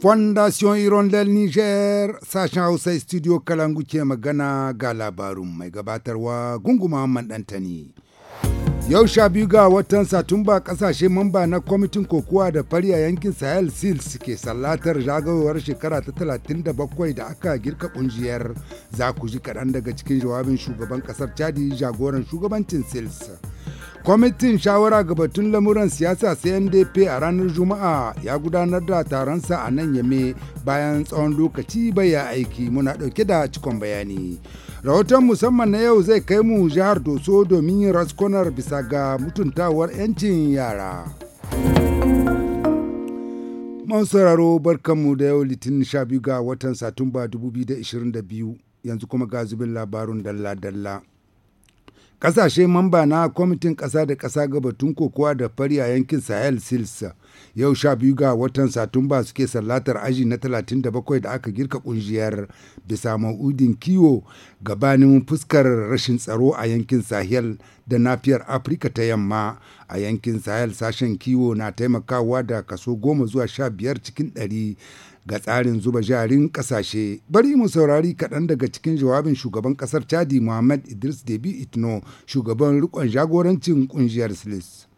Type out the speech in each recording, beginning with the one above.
Fondation Hirondel Niger sashen Hausa studio Kalangu ke magana ga labarun mai gabatarwa gunguma Dantani. Yau sha biyu ga watan Satumba kasashe mamba na kwamitin kokowa da fari a yankin Sahel Seals ke sallatar zagayowar shekara ta talatin da bakwai da aka girka kungiyar za ku ji kaɗan daga cikin jawabin shugaban ƙasar Chadi jagoran shugabancin Seals. kwamitin shawara ga batun lamuran siyasa ndp a ranar juma'a ya gudanar da taronsa a nan yame bayan tsawon lokaci baya aiki muna dauke da cikon bayani rahoton musamman na yau zai kai mu jihar doso domin yin raskonar bisa ga mutuntawar 'yancin yara man sauraro barkanmu da yau litinin 12 ga watan satumba 2022 yanzu kuma ga zubin labarun dalla-dalla Ƙasashe mamba na kwamitin ƙasa da ƙasa gabatun kokowa da fari a yankin Sahel Silsa yau sha biyu ga watan Satumba suke sallatar aji na 37 da aka girka ƙungiyar bisa ma'udin kiwo gabanin fuskar rashin tsaro a yankin Sahel da nafiyar Afirka ta yamma a yankin Sahel sashen kiwo na taimakawa da kaso goma zuwa sha biyar cikin ɗari ga tsarin zuba jarin kasashe bari mu saurari kaɗan daga cikin jawabin shugaban ƙasar chadi muhammad idris debi itno shugaban riƙon jagorancin ƙungiyar silis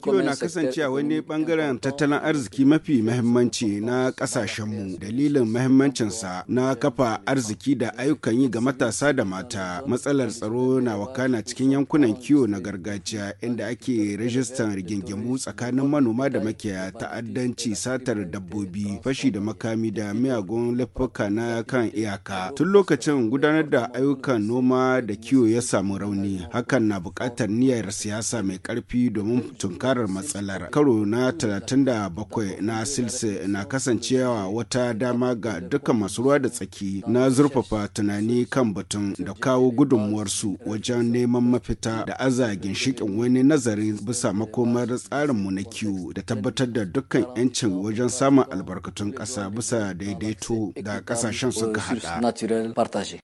kiwo na kasancewa wani bangaren tattalin arziki mafi mahimmanci na kasashenmu dalilin mahimmancinsa na kafa arziki da ayyukan yi ga matasa da mata matsalar tsaro na wakana cikin yankunan kiwo na gargajiya inda ake rajistan rigingimu tsakanin manoma da makiyaya ta'addanci satar dabbobi fashi da makami da miyagun laifuka na kan iyaka tun lokacin gudanar da ayyukan noma da kiwo ya samu rauni hakan na buƙatar niyyar siyasa mai ƙarfi ƙarfi domin tunkarar matsalar. Karo na 37 na silse na kasancewa wata dama ga duka masu ruwa da tsaki na zurfafa tunani kan batun da kawo gudunmuwarsu wajen neman mafita da aza ginshikin wani nazari bisa makomar tsarinmu na kiwo da tabbatar da dukkan 'yancin wajen samun albarkatun ƙasa bisa daidaito da ƙasashen suka haɗa.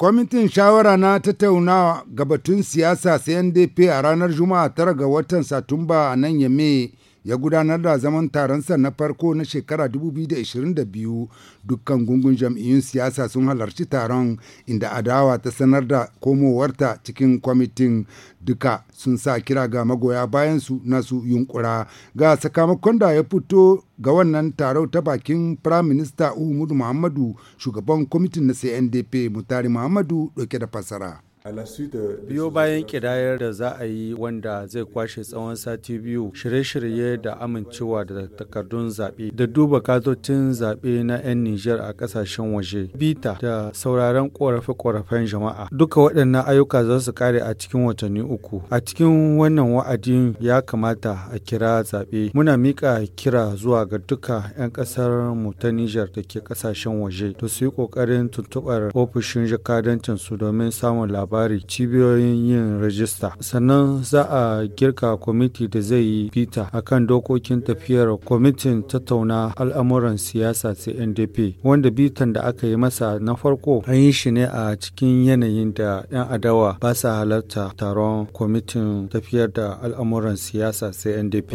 Kwamitin shawara na tattaunawa ga batun siyasa CNDP a ranar Juma'a tara ga watan Satumba a nan Yame ya gudanar da zaman taron sa na farko na shekara 2022 dukkan gungun jam'iyyun siyasa sun halarci taron inda adawa ta sanar da komowarta cikin kwamitin duka sun sa kira ga magoya bayan su nasu yunkura ga sakamakon da ya fito ga wannan taron ta bakin Prime Minister Umudu Muhammadu shugaban kwamitin na CNDP Mutari Muhammadu dauke da fasara. Biyo bayan kidayar da za a yi wanda zai kwashe tsawon sati biyu shirye-shirye da amincewa da takardun zaɓe da duba katocin zaɓe na 'yan Nijar a ƙasashen waje, bita da sauraron ƙorafe-ƙorafen jama'a. Duka waɗannan ayyuka za su kare a cikin watanni uku. A cikin wannan wa'adin ya kamata a kira zaɓe. Muna miƙa kira zuwa ga duka 'yan ƙasar mu ta Nijar da ke ƙasashen waje da su yi ƙoƙarin tuntuɓar ofishin jakadancin su domin samun labarai. labari cibiyoyin yin rajista sannan za a girka kwamiti da zai yi bita akan dokokin tafiyar kwamitin tattauna al'amuran siyasa ndp wanda bitan da aka yi masa na farko an yi shi ne a cikin yanayin da 'yan adawa ba sa halarta taron kwamitin tafiyar da al'amuran siyasa cndp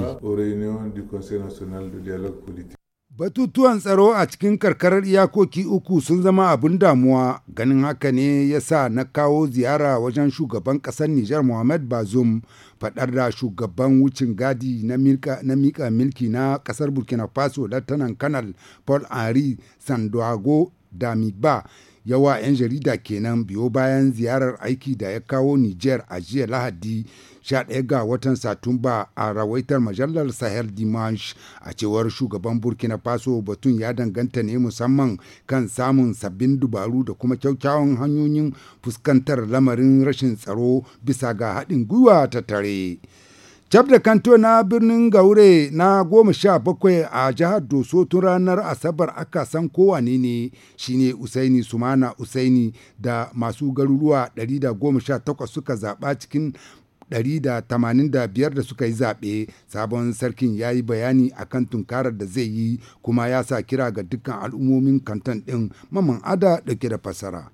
Batutuwan tsaro a cikin karkarar iyakoki uku sun zama abin damuwa ganin haka ne ya sa na kawo ziyara wajen shugaban ƙasar Nijar Muhammad Bazoum faɗar da shugaban wucin gadi na mika milki na ƙasar Burkina Faso Latanan Kanal Paul Henri Sandoago Damiba yawa 'yan jarida kenan biyo bayan ziyarar aiki da ya kawo Nijar a jiya Lahadi 11 ga watan Satumba a rawaitar majalar Sahel Dimanche a cewar shugaban Burkina Faso batun ya danganta ne musamman kan samun sabbin dubaru da kuma kyaukyawan hanyoyin fuskantar lamarin rashin tsaro bisa ga haɗin gwiwa ta tare. da Kanto na birnin Gaure na goma sha bakwai a jihar Doso tun ranar Asabar aka san kowane ne shine Usaini Sumana Usaini da masu garuruwa 118 suka zaɓa cikin 185 da suka yi zaɓe sabon sarkin ya yi bayani a kan tunkarar da zai yi kuma ya sa kira ga dukkan al'ummomin kanton ɗin maman ada ɗauke da fasara.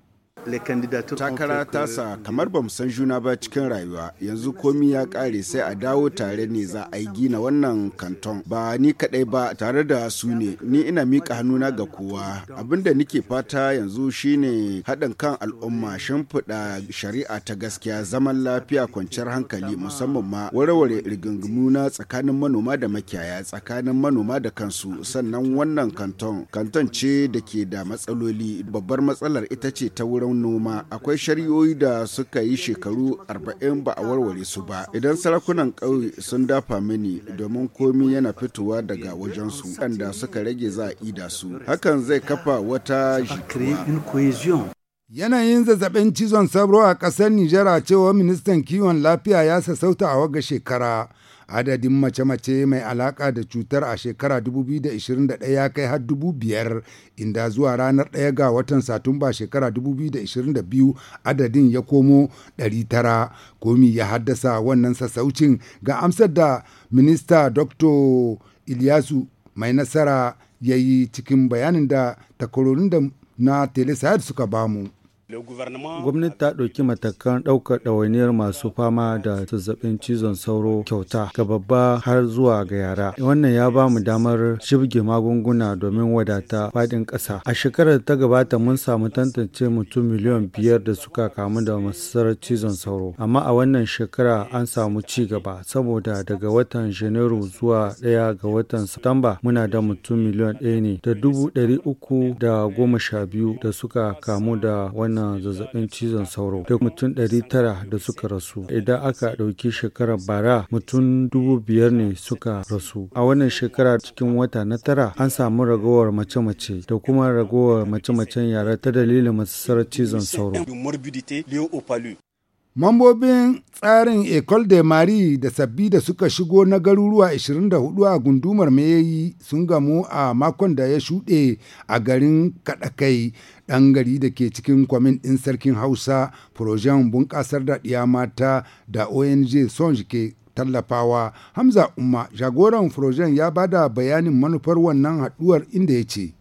takara tasa kamar bamu san juna ba cikin rayuwa yanzu komi ya kare sai a dawo tare ne za a yi gina wannan kanton ba ni kadai ba tare da su ne ni ina miƙa hannuna ga kowa abinda nike fata yanzu shine haɗin kan al'umma shimfiɗa shari'a ta gaskiya zaman lafiya kwanciyar hankali musamman ma warware rigingimu na tsakanin manoma da makiyaya tsakanin manoma da kansu sannan wannan kanton kanton ce da ke da matsaloli babbar matsalar ita ce ta wurin noma akwai shari'o'i da suka yi shekaru 40 ba a warware su ba idan sarakunan ƙauye sun dafa mini domin komi yana fitowa daga wajensu waɗanda suka rage za a ida su hakan zai kafa wata Yanayin zazzaɓin cizon sauro a ƙasar Nijar a cewa ministan kiwon lafiya ya sassauta a waga shekara. adadin mace-mace mai alaka da cutar a shekara 2021 ya kai har dubu biyar inda zuwa ranar 1 ga watan satumba shekara 2022 adadin ya komo 900 komi ya haddasa wannan sassaucin ga amsar da minista dr ilyasu mai nasara ya yi cikin bayanin da takwarorin da na telesayar suka bamu. Gwamnati ta ɗauki matakan ɗaukar ɗawainiyar masu fama da zazzaɓin cizon sauro kyauta ga babba har zuwa ga yara. Wannan ya ba mu damar shibge magunguna domin wadata faɗin ƙasa. A shekarar ta gabata mun samu tantance mutum miliyan biyar da suka kamu da masarar cizon sauro. Amma a wannan shekara an samu ci gaba saboda daga watan Janairu zuwa ɗaya ga watan Satamba muna da mutum miliyan ɗaya ne da dubu ɗari uku da goma sha biyu da suka kamu da wannan na zazzabin cizon sauro da mutum 900 da suka rasu idan aka ɗauki shekarar bara mutum dubu ne suka rasu a wannan shekara cikin wata na tara an samu ragowar mace-mace da kuma ragowar mace-macen yara ta dalilin masasarar cizon sauro Mambobin tsarin Ecole de Marie da sabbi da suka shigo na garuruwa 24 a gundumar mayayi sun gamu a makon da ya shuɗe a garin Kaɗakai ɗan gari da ke cikin kwamin ɗin sarkin hausa projen bunƙasar da ɗiya mata da ong son ke tallafawa hamza umma jagoran projen ya bada bayanin manufar wannan haɗuwar inda ya ce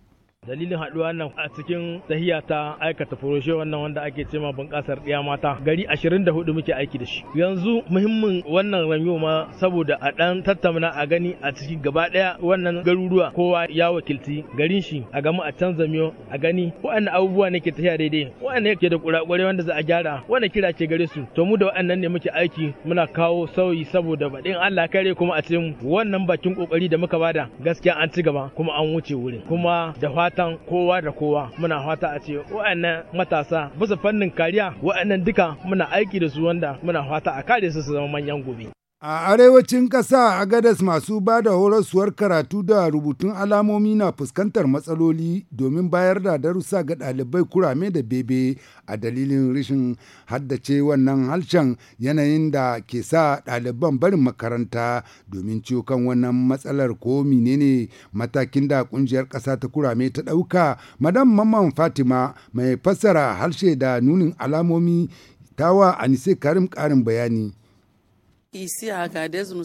dalilin haɗuwa nan a cikin tahiya ta aikata furoshe wannan wanda ake cema bunƙasar ɗiya mata gari 24 muke aiki da shi yanzu muhimmin wannan ramiyo ma saboda a dan tattauna a gani a cikin gaba ɗaya wannan garuruwa kowa ya wakilci garin shi a gamu a canza miyo a gani Waɗanne abubuwa ne ke tafiya daidai Waɗanne ke da kurakurai wanda za a gyara wanda kira ke gare su to mu da waɗannan ne muke aiki muna kawo sauyi saboda baɗin Allah kare kuma a cikin wannan bakin kokari da muka bada gaskiya an ci gaba kuma an wuce wurin kuma da fata fatan kowa da kowa muna fata a ce wa'annan matasa bisa fannin kariya wa'annan duka muna aiki da su wanda muna fata a kare su su zama manyan gobe A arewacin ƙasa a gadas masu ba da horasuwar karatu da rubutun alamomi na fuskantar matsaloli domin bayar da darussa ga ɗalibai kurame da bebe a dalilin rashin haddace wannan harshen yanayin da ke sa ɗaliban barin makaranta domin ciwo kan wannan matsalar ko menene matakin da ƙungiyar ƙasa ta kurame ta ɗauka. Madam Mamman Fatima mai fassara harshe da nunin alamomi tawa Anise Karim ƙarin bayani.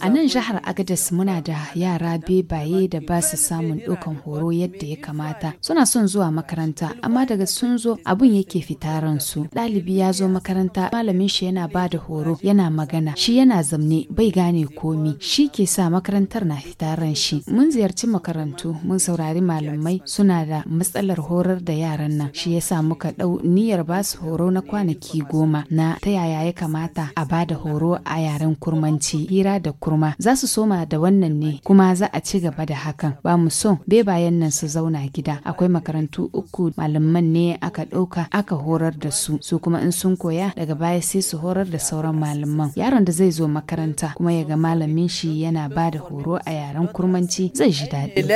A nan jihar Agadez muna da yara bebaye da ba su samun ɗaukan horo yadda ya kamata. Suna son zuwa makaranta, amma daga sun zo abun yake fita ransu. Ɗalibi ya zo makaranta, malamin shi yana ba da horo, yana magana, shi yana zamne bai gane komi, shi ke sa makarantar na fita ran shi. Mun ziyarci makarantu, mun saurari malamai suna da matsalar horar da yaran nan. Shi ya sa muka ɗau niyyar ba su horo na kwanaki goma na ta yaya ya kamata a ba da horo a yaren kurmi. kurmanci hira da kurma za su soma da wannan ne kuma za a ci gaba da hakan ba mu son bai bayan nan su zauna gida akwai makarantu uku malaman ne aka ɗauka aka horar da su su kuma in sun koya daga baya sai su horar da sauran malaman yaron da zai zo makaranta kuma ya ga malamin shi yana ba da horo a yaren kurmanci zai ji daɗi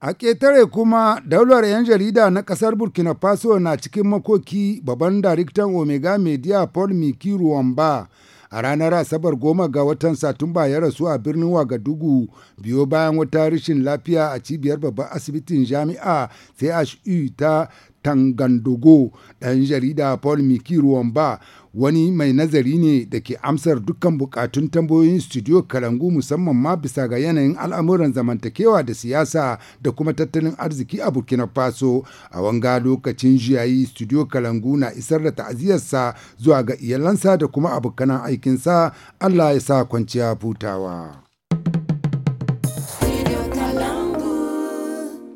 A ƙetare kuma daular 'yan jarida na ƙasar Burkina Faso na cikin makoki babban daraktan Omega Media Paul Miki Ruwamba a ranar asabar goma ga watan satumba ya rasu a birnin wagadugu biyo bayan wata rashin lafiya a cibiyar babban asibitin jami'a sai ta tangandogo ɗan jarida paul miki ba. wani mai nazari ne da ke amsar dukkan bukatun tambayoyin studio kalangu musamman ma bisa ga yanayin al'amuran zamantakewa da siyasa da kuma tattalin arziki a burkina faso a wanga lokacin jiyayi studio kalangu na isar da ta'aziyarsa zuwa ga iyalansa da kuma abokanan aikinsa allah ya sa kwanciya hutawa.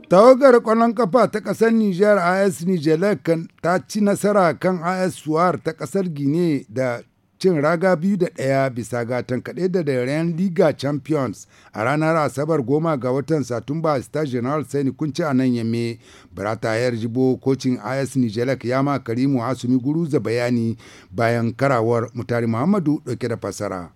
tawagar kwallon kafa ta kasar Niger AS Nijelek ta ci nasara kan AS Suwar ta kasar Gine da cin raga biyu da ɗaya bisa ga tankade da daren Liga Champions a ranar Asabar goma ga watan Satumba Star General Sani kunce a nan yamme. Barata ya jibo kocin AS Nijelek ya ma Karimu Asumi Guruza bayani bayan karawar Mutari Muhammadu ɗauke da fasara.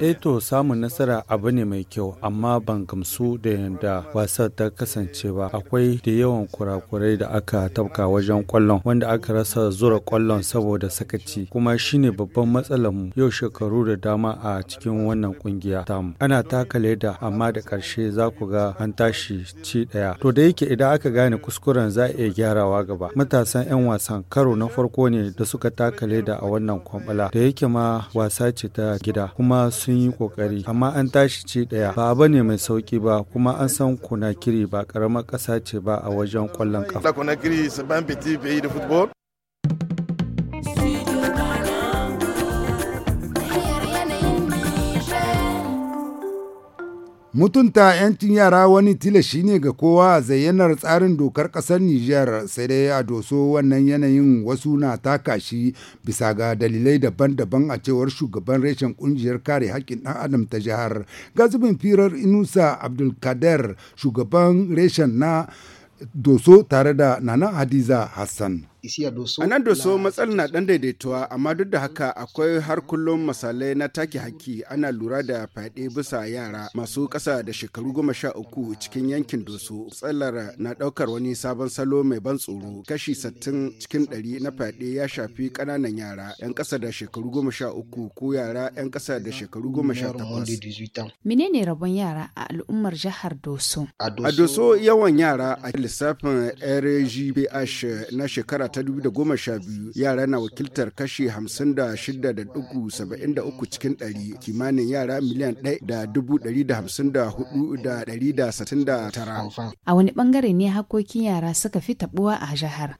Eto eh samun nasara abu ne mai kyau amma ban gamsu da yadda wasar ta kasance ba akwai da yawan kurakurai da aka tabka wajen kwallon wanda aka rasa zura kwallon saboda sakaci kuma shine babban matsalar mu yau shekaru da dama a cikin wannan kungiya tamu ana taka leda amma da karshe za ku ga an tashi ci daya to da yake idan aka gane kuskuren za a iya gyarawa gaba matasan 'yan wasan karo na farko ne da suka taka leda a wannan kwambala da yake ma wasa ce ta gida kuma sun yi kokari amma an tashi ci daya ba abu ne mai sauki ba kuma an san kunakiri ba karamar ƙasa ce ba a wajen kwallon ƙafa Mutunta 'yancin yara wani tilashi ne ga kowa a zayyanar tsarin dokar ƙasar Nijar sai dai a doso wannan yanayin wasu na taka shi bisa ga dalilai daban-daban a cewar shugaban reshen ƙungiyar kare haƙƙin ɗan adam ta jihar. Gazibin firar Inusa Abdulkader shugaban reshen na doso tare da Nana Hadiza Hassan. A nan doso matsal na ɗan daidaituwa amma duk da haka akwai har kullum mas'alai na take haƙƙi, ana lura da fyaɗe bisa yara masu ƙasa da shekaru goma sha uku cikin yankin doso. Matsalar na ɗaukar wani sabon salo mai ban tsoro kashi sattin cikin ɗari na faɗe ya shafi ƙananan yara 'yan ƙasa da shekaru goma sha uku ko yara 'yan ƙasa da shekaru goma sha takwas. Menene rabon yara a al'ummar jihar Doso? A Doso yawan yara a lissafin RGBH na shekara ta 2012 yara na wakiltar kashi 56.73 cikin 100 kimanin yara miliyan 1,154,169. A wani bangare ne hakokin yara suka fi tabuwa a jihar?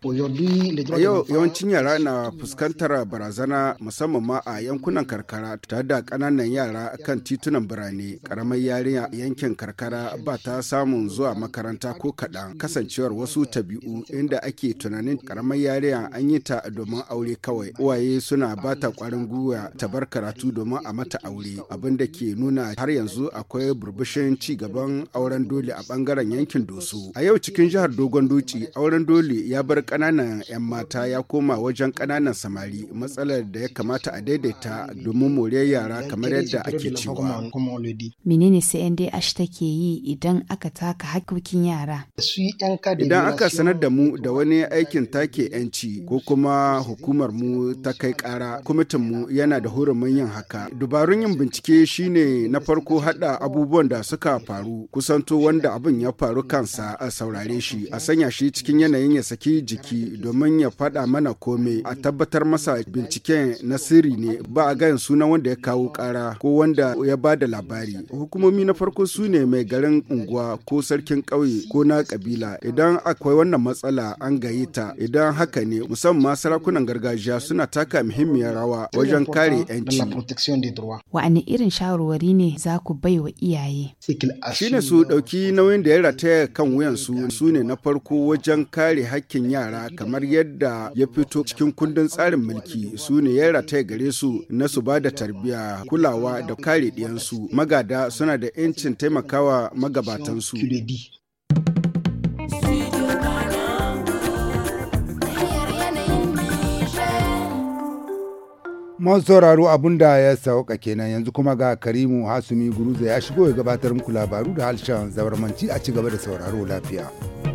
A yau yawancin yara na fuskantar barazana musamman ma a yankunan karkara tare da ƙananan yara kan titunan birane. Ƙaramar yarinya yankin karkara ba ta samun zuwa makaranta ko kaɗan kasancewar wasu tabi'u inda ake tunanin ƙaramar yariya an yi ta domin aure kawai uwaye suna ba ta kwarin gwiwa ta bar karatu domin a mata aure abin da ke nuna har yanzu akwai burbushin ci gaban auren dole a bangaren yankin doso a yau cikin jihar dogon doci auren dole ya bar kananan 'yan mata ya koma wajen kananan samari matsalar da ya kamata a daidaita domin more yara kamar yadda ake cewa menene cndh take yi idan aka taka hakokin yara idan aka sanar da mu da wani aikin take 'yanci ko kuma hukumar mu ta kai ƙara, kwamitin mu yana da hurumin yin haka dubarun yin bincike shine na farko hada abubuwan da suka faru kusanto wanda abin ya faru kansa a saurare shi a sanya shi cikin yanayin ya saki jiki domin ya faɗa mana kome a tabbatar masa binciken na sirri ne ba a gayan sunan wanda ya kawo kara ko wanda ya ba da labari hukumomi na farko su ne mai garin unguwa ko sarkin ƙauye ko na kabila idan akwai wannan matsala an gaye ta idan haka ne musamman sarakunan gargajiya suna taka muhimmiyar rawa wajen kare 'yanci. Wa'anne irin shawarwari ne za ku bai wa iyaye? Shi ne su ɗauki nauyin da ya rataya kan wuyansu su ne na farko wajen kare hakkin yara kamar yadda ya fito cikin kundin tsarin mulki su ne ya rataya gare su na su ba da tarbiyya kulawa da kare ɗiyansu magada suna da 'yancin taimakawa magabatansu. mun sauraro abun da ya sauka kenan yanzu kuma ga Karimu Hasumi Guruza ya shigo ya gabatar muku labaru da harshen zabarmanci a ci gaba da sauraro lafiya.